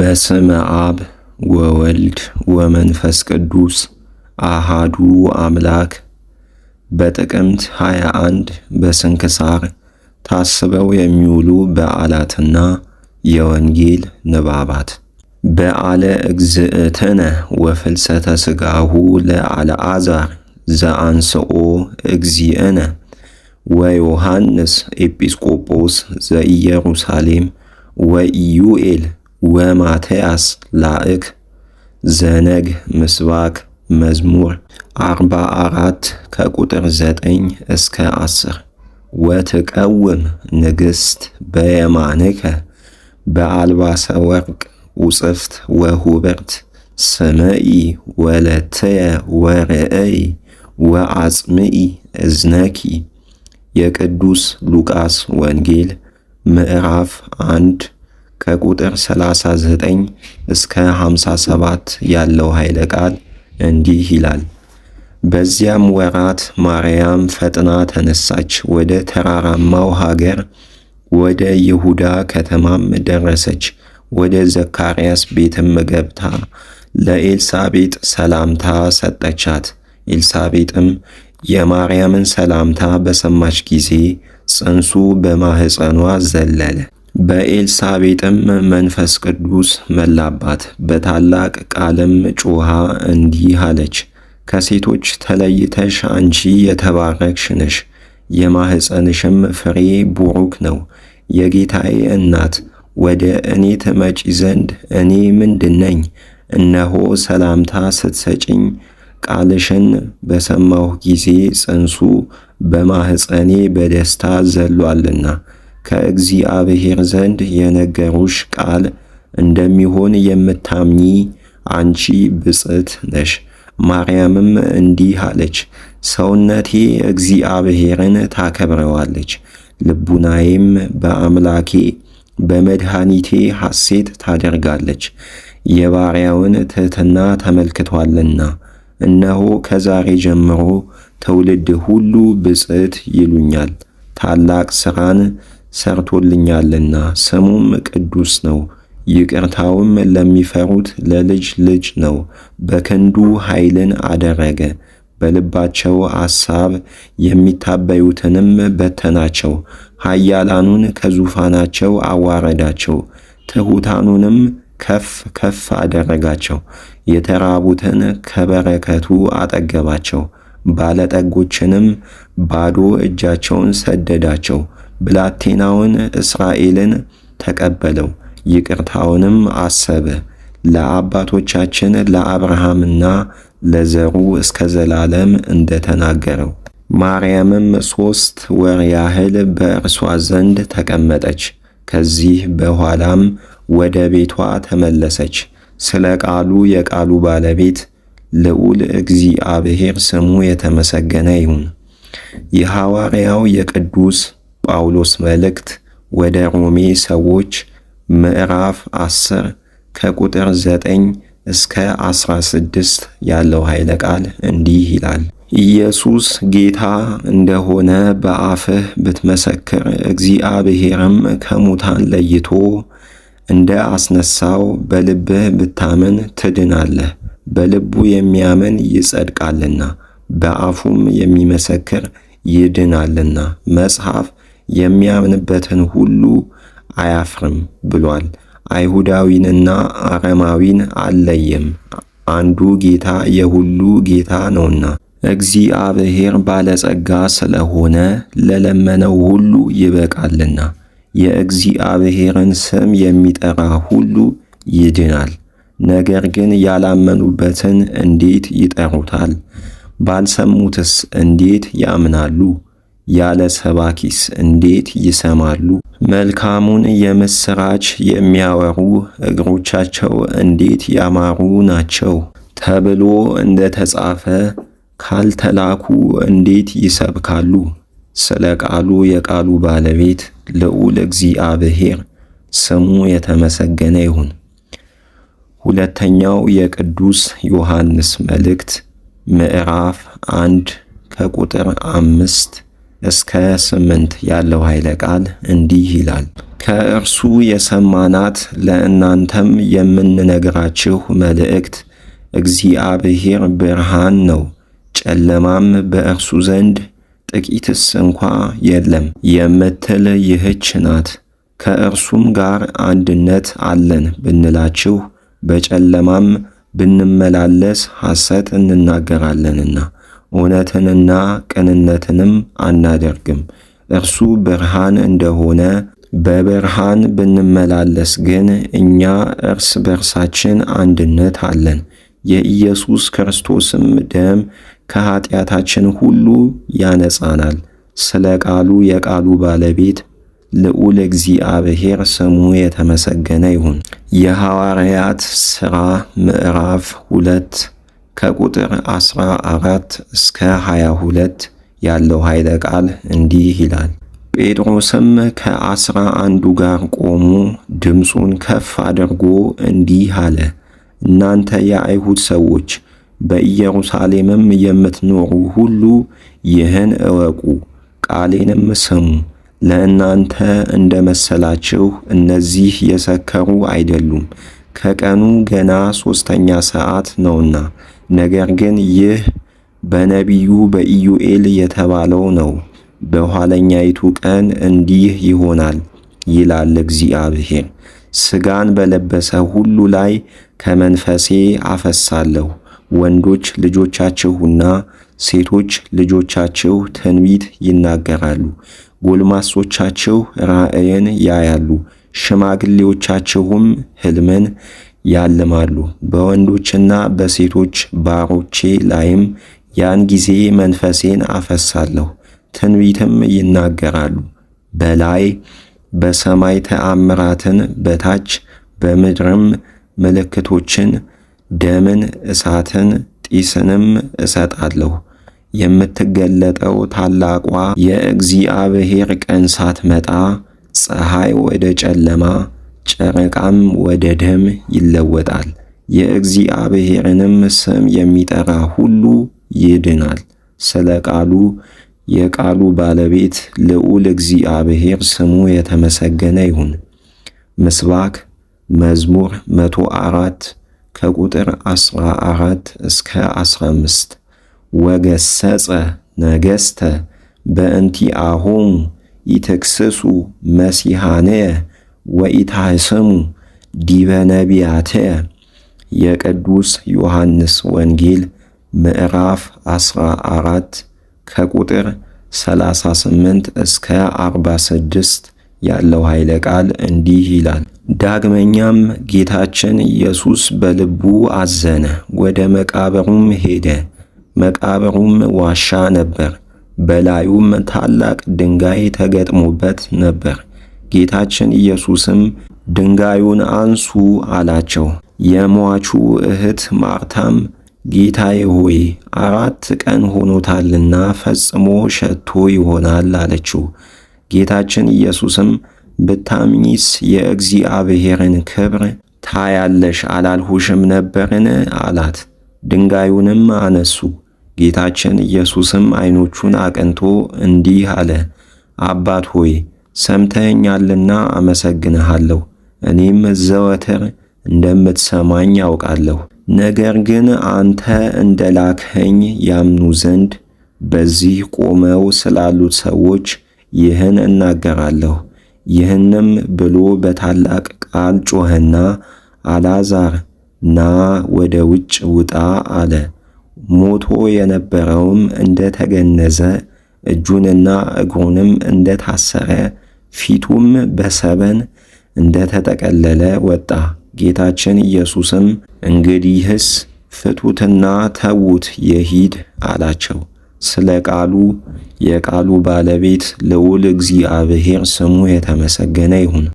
በስመ አብ ወወልድ ወመንፈስ ቅዱስ አሃዱ አምላክ። በጥቅምት 21 በስንክሳር ታስበው የሚውሉ በዓላትና የወንጌል ንባባት በዓለ እግዝእትነ ወፍልሰተ ሥጋሁ ለአልዓዛር ዘአንስኦ እግዚእነ ወዮሐንስ ኤጲስቆጶስ ዘኢየሩሳሌም ወኢዩኤል ወማቴያስ ላእክ ዘነግ ምስባክ መዝሙር 44 ከቁጥር 9 እስከ 10 ወትቀውም ንግስት በየማንከ በአልባሰ ወርቅ ውጽፍት ወሁብርት ስምዒ ወለትየ ወርእይ ወአጽምዒ እዝነኪ። የቅዱስ ሉቃስ ወንጌል ምዕራፍ አንድ ከቁጥር 39 እስከ 57 ያለው ኃይለ ቃል እንዲህ ይላል። በዚያም ወራት ማርያም ፈጥና ተነሳች፣ ወደ ተራራማው ሀገር ወደ ይሁዳ ከተማም ደረሰች። ወደ ዘካርያስ ቤትም ገብታ ለኤልሳቤጥ ሰላምታ ሰጠቻት። ኤልሳቤጥም የማርያምን ሰላምታ በሰማች ጊዜ ጽንሱ በማኅፀኗ ዘለለ። በኤልሳቤጥም መንፈስ ቅዱስ መላባት በታላቅ ቃልም ጮኻ እንዲህ አለች፦ ከሴቶች ተለይተሽ አንቺ የተባረክሽ ነሽ፣ የማኅፀንሽም ፍሬ ቡሩክ ነው። የጌታዬ እናት ወደ እኔ ትመጪ ዘንድ እኔ ምንድን ነኝ? እነሆ ሰላምታ ስትሰጪኝ ቃልሽን በሰማሁ ጊዜ ጽንሱ በማኅፀኔ በደስታ ዘሏልና ከእግዚአብሔር ዘንድ የነገሩሽ ቃል እንደሚሆን የምታምኚ አንቺ ብፅዕት ነሽ። ማርያምም እንዲህ አለች፣ ሰውነቴ እግዚአብሔርን ታከብረዋለች፣ ልቡናዬም በአምላኬ በመድኃኒቴ ሐሴት ታደርጋለች፣ የባሪያውን ትሕትና ተመልክቷልና። እነሆ ከዛሬ ጀምሮ ትውልድ ሁሉ ብፅዕት ይሉኛል። ታላቅ ሥራን ሰርቶልኛልና ስሙም ቅዱስ ነው። ይቅርታውም ለሚፈሩት ለልጅ ልጅ ነው። በክንዱ ኃይልን አደረገ፣ በልባቸው አሳብ የሚታበዩትንም በተናቸው። ኃያላኑን ከዙፋናቸው አዋረዳቸው፣ ትሑታኑንም ከፍ ከፍ አደረጋቸው። የተራቡትን ከበረከቱ አጠገባቸው፣ ባለጠጎችንም ባዶ እጃቸውን ሰደዳቸው። ብላቴናውን እስራኤልን ተቀበለው፣ ይቅርታውንም አሰበ። ለአባቶቻችን ለአብርሃምና ለዘሩ እስከ ዘላለም እንደተናገረው። ማርያምም ሦስት ወር ያህል በእርሷ ዘንድ ተቀመጠች። ከዚህ በኋላም ወደ ቤቷ ተመለሰች። ስለ ቃሉ የቃሉ ባለቤት ልዑል እግዚአብሔር ስሙ የተመሰገነ ይሁን። የሐዋርያው የቅዱስ ጳውሎስ መልእክት ወደ ሮሜ ሰዎች ምዕራፍ 10 ከቁጥር 9 እስከ 16 ያለው ኃይለ ቃል እንዲህ ይላል። ኢየሱስ ጌታ እንደሆነ በአፍህ ብትመሰክር፣ እግዚአብሔርም ከሙታን ለይቶ እንደ አስነሳው በልብህ ብታምን ትድናለህ። በልቡ የሚያምን ይጸድቃልና፣ በአፉም የሚመሰክር ይድናልና። መጽሐፍ የሚያምንበትን ሁሉ አያፍርም ብሏል። አይሁዳዊንና አረማዊን አለየም፣ አንዱ ጌታ የሁሉ ጌታ ነውና። እግዚአብሔር ባለጸጋ ስለሆነ ለለመነው ሁሉ ይበቃልና። የእግዚአብሔርን ስም የሚጠራ ሁሉ ይድናል። ነገር ግን ያላመኑበትን እንዴት ይጠሩታል? ባልሰሙትስ እንዴት ያምናሉ? ያለ ሰባኪስ እንዴት ይሰማሉ? መልካሙን የመስራች የሚያወሩ እግሮቻቸው እንዴት ያማሩ ናቸው ተብሎ እንደ ተጻፈ ካልተላኩ እንዴት ይሰብካሉ? ስለ ቃሉ የቃሉ ባለቤት ልዑል እግዚአብሔር ስሙ የተመሰገነ ይሁን። ሁለተኛው የቅዱስ ዮሐንስ መልእክት ምዕራፍ አንድ ከቁጥር አምስት እስከ ስምንት ያለው ኃይለ ቃል እንዲህ ይላል። ከእርሱ የሰማናት ለእናንተም የምንነግራችሁ መልእክት እግዚአብሔር ብርሃን ነው፣ ጨለማም በእርሱ ዘንድ ጥቂትስ እንኳ የለም የምትል ይህች ናት። ከእርሱም ጋር አንድነት አለን ብንላችሁ በጨለማም ብንመላለስ ሐሰት እንናገራለንና እውነትንና ቅንነትንም አናደርግም። እርሱ ብርሃን እንደሆነ በብርሃን ብንመላለስ ግን እኛ እርስ በርሳችን አንድነት አለን፣ የኢየሱስ ክርስቶስም ደም ከኃጢአታችን ሁሉ ያነጻናል። ስለ ቃሉ የቃሉ ባለቤት ልዑል እግዚአብሔር ስሙ የተመሰገነ ይሁን። የሐዋርያት ሥራ ምዕራፍ ሁለት ከቁጥር 14 እስከ 22 ያለው ኃይለ ቃል እንዲህ ይላል። ጴጥሮስም ከአስራ አንዱ ጋር ቆሞ ድምፁን ከፍ አድርጎ እንዲህ አለ። እናንተ የአይሁድ ሰዎች በኢየሩሳሌምም የምትኖሩ ሁሉ ይህን እወቁ፣ ቃሌንም ስሙ። ለእናንተ እንደ መሰላችሁ እነዚህ የሰከሩ አይደሉም፣ ከቀኑ ገና ሦስተኛ ሰዓት ነውና ነገር ግን ይህ በነቢዩ በኢዩኤል የተባለው ነው። በኋለኛይቱ ቀን እንዲህ ይሆናል ይላል እግዚአብሔር፣ ስጋን በለበሰ ሁሉ ላይ ከመንፈሴ አፈሳለሁ። ወንዶች ልጆቻችሁና ሴቶች ልጆቻችሁ ትንቢት ይናገራሉ፣ ጎልማሶቻችሁ ራእይን ያያሉ፣ ሽማግሌዎቻችሁም ሕልምን ያልማሉ። በወንዶችና በሴቶች ባሮቼ ላይም ያን ጊዜ መንፈሴን አፈሳለሁ፣ ትንቢትም ይናገራሉ። በላይ በሰማይ ተአምራትን፣ በታች በምድርም ምልክቶችን፣ ደምን፣ እሳትን፣ ጢስንም እሰጣለሁ። የምትገለጠው ታላቋ የእግዚአብሔር ቀን ሳትመጣ ፀሐይ ወደ ጨለማ ጨረቃም ወደ ደም ይለወጣል። የእግዚአብሔርንም ስም የሚጠራ ሁሉ ይድናል። ስለ ቃሉ የቃሉ ባለቤት ልዑል እግዚአብሔር ስሙ የተመሰገነ ይሁን። ምስባክ መዝሙር 104 ከቁጥር 14 እስከ 15 ወገሰጸ ነገሥተ በእንቲአሆሙ ኢትክስሱ መሲሃኔ ወኢታስሙ ዲበ ነቢያትየ የቅዱስ ዮሐንስ ወንጌል ምዕራፍ 14 ከቁጥር 38 እስከ 46 ያለው ኃይለ ቃል እንዲህ ይላል። ዳግመኛም ጌታችን ኢየሱስ በልቡ አዘነ፣ ወደ መቃብሩም ሄደ። መቃብሩም ዋሻ ነበር፣ በላዩም ታላቅ ድንጋይ ተገጥሞበት ነበር። ጌታችን ኢየሱስም ድንጋዩን አንሱ አላቸው። የሟቹ እህት ማርታም ጌታዬ ሆይ አራት ቀን ሆኖታልና ፈጽሞ ሸቶ ይሆናል አለችው። ጌታችን ኢየሱስም ብታምኚስ የእግዚአብሔርን ክብር ታያለሽ አላልሁሽም ነበርን? አላት። ድንጋዩንም አነሱ። ጌታችን ኢየሱስም ዐይኖቹን አቅንቶ እንዲህ አለ፣ አባት ሆይ ሰምተኛልና አመሰግንሃለሁ። እኔም ዘወትር እንደምትሰማኝ ያውቃለሁ። ነገር ግን አንተ እንደ ላክኸኝ ያምኑ ዘንድ በዚህ ቆመው ስላሉት ሰዎች ይህን እናገራለሁ። ይህንም ብሎ በታላቅ ቃል ጮኸና አላዛር ና ወደ ውጭ ውጣ አለ። ሞቶ የነበረውም እንደ ተገነዘ እጁንና እግሩንም እንደታሰረ ፊቱም በሰበን እንደተጠቀለለ ወጣ። ጌታችን ኢየሱስም እንግዲህስ ፍቱትና ተዉት የሂድ አላቸው። ስለ ቃሉ የቃሉ ባለቤት ልዑል እግዚአብሔር ስሙ የተመሰገነ ይሁን።